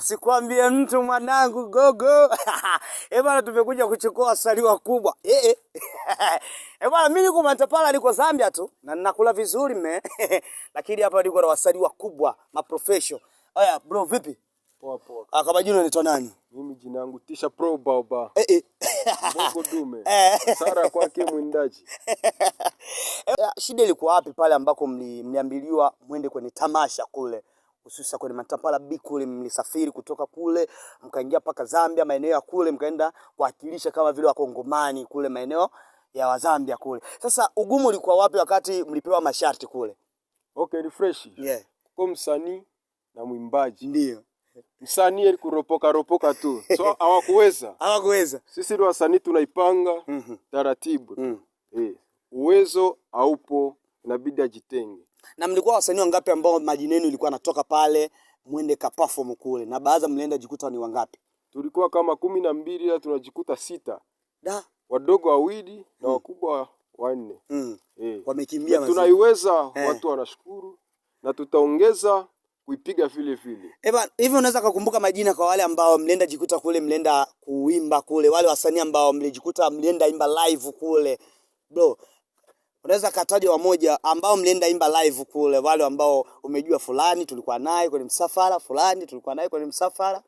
Asikwambie mtu mwanangu gogo. Eh, bwana tumekuja kuchukua asali wakubwa. Eh. Eh, eh mimi niko matapala niko Zambia tu na ninakula vizuri me. Lakini hapa niko na wasali wakubwa, professional. Haya bro vipi? Poa poa. Ah, kama jina unaitwa nani? Mimi jina langu Tisha Pro Baba. Eh eh. Bongo dume. Eh. Sara kwake mwindaji. Eh, shida ilikuwa wapi pale ambako mliambiliwa mwende kwenye tamasha kule? hususa kwenye matapala Bikuli, mlisafiri kutoka kule mkaingia mpaka Zambia, maeneo ya kule mkaenda kuwakilisha kama vile wakongomani kule maeneo ya Wazambia kule. Sasa ugumu ulikuwa wapi wakati mlipewa masharti kule? Okay, refresh. Yeah. Kwa msanii na mwimbaji. Ndio. Msanii alikuropoka ropoka tu. So hawakuweza. Hawakuweza. Sisi ni wasanii tunaipanga mm -hmm. taratibu. Mm. Eh, uwezo haupo inabidi ajitenge. Na mlikuwa wasanii wangapi ambao majina yenu ilikuwa natoka pale mwende ka perform kule, na baadhi mlienda jikuta ni wangapi? Tulikuwa kama kumi na mbili tunajikuta sita da, wadogo wawili hmm, na mm. wakubwa wanne hmm. Hey. Eh. Wamekimbia mazuri, tunaiweza hey. Eh. Watu wanashukuru na tutaongeza kuipiga vile vile. Eva, hivi unaweza kukumbuka majina kwa wale ambao mlienda jikuta kule, mlienda kuimba kule, wale wasanii ambao mlijikuta mlienda imba live kule bro, unaweza kataja wamoja ambao mlienda imba live kule, wale ambao umejua fulani tulikuwa naye kwenye msafara, fulani tulikuwa naye kwenye msafara.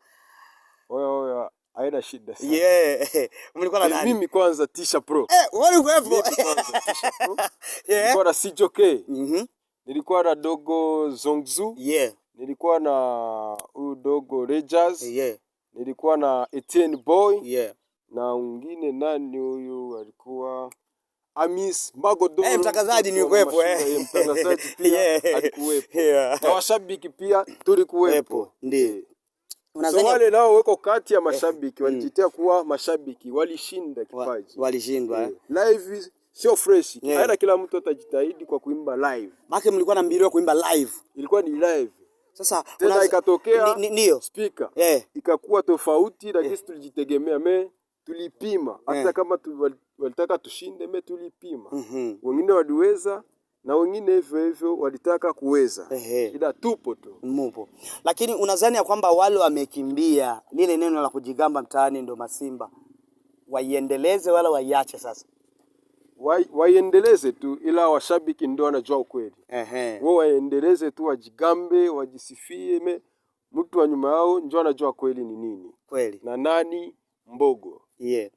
Oya oya, haina shida sana. Yeah. Mlikuwa na nani? Mimi kwanza Tisha Pro. Eh, wewe uko hapo. Yeah. Nilikuwa na CJK. Mhm. Nilikuwa na Dogo Zongzu. Yeah. Nilikuwa na huyu uh, Dogo Rangers. Yeah. Nilikuwa na Etienne Boy. Yeah. Na wengine nani huyu alikuwa Hamis Magodo. Eh, mtangazaji ni kuwepo eh. Mtangazaji pia alikuwepo. Na washabiki pia tulikuwepo. Ndio. Unazani... Eh. So wale nao weko kati ya mashabiki eh, walijitetea mm, kuwa mashabiki walishinda kipaji. Walishindwa. Yeah. eh. Live sio fresh. Yeah. Haina kila mtu atajitahidi kwa kuimba live. Maki mlikuwa na mbirio kuimba live. Ilikuwa ni live. Sasa tena unaz... ikatokea ni, ni, speaker Yeah. ikakuwa tofauti na yeah. eh, tulijitegemea me tulipima hata yeah. kama tu walitaka tushinde, me tulipima. mm -hmm. Wengine waliweza na wengine hivyo hivyo walitaka kuweza, ila tupo tu mupo. Lakini unadhani ya kwamba wale wamekimbia, lile neno la kujigamba mtaani ndo masimba waiendeleze wala waiache? Sasa waiendeleze tu, ila washabiki ndio wanajua ukweli. Wao waendeleze tu, wajigambe, wajisifie me mtu wa nyuma yao ndio anajua kweli ni nini kweli na nani mbogo. yeah.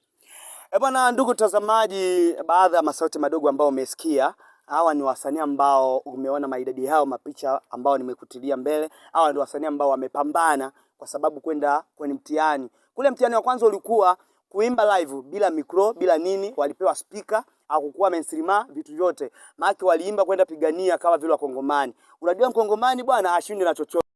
E bwana, ndugu mtazamaji, baadhi ya masauti madogo ambao umesikia, hawa ni wasanii ambao umeona maidadi yao mapicha ambao nimekutilia mbele. Hawa ni wasanii ambao wamepambana kwa sababu kwenda kwenye mtihani kule. Mtihani wa kwanza ulikuwa kuimba live bila mikro bila nini, walipewa spika hakukuwa mensirima vitu vyote, maana waliimba kwenda pigania kama vile Wakongomani. Unajua mkongomani bwana ashindi na chochote.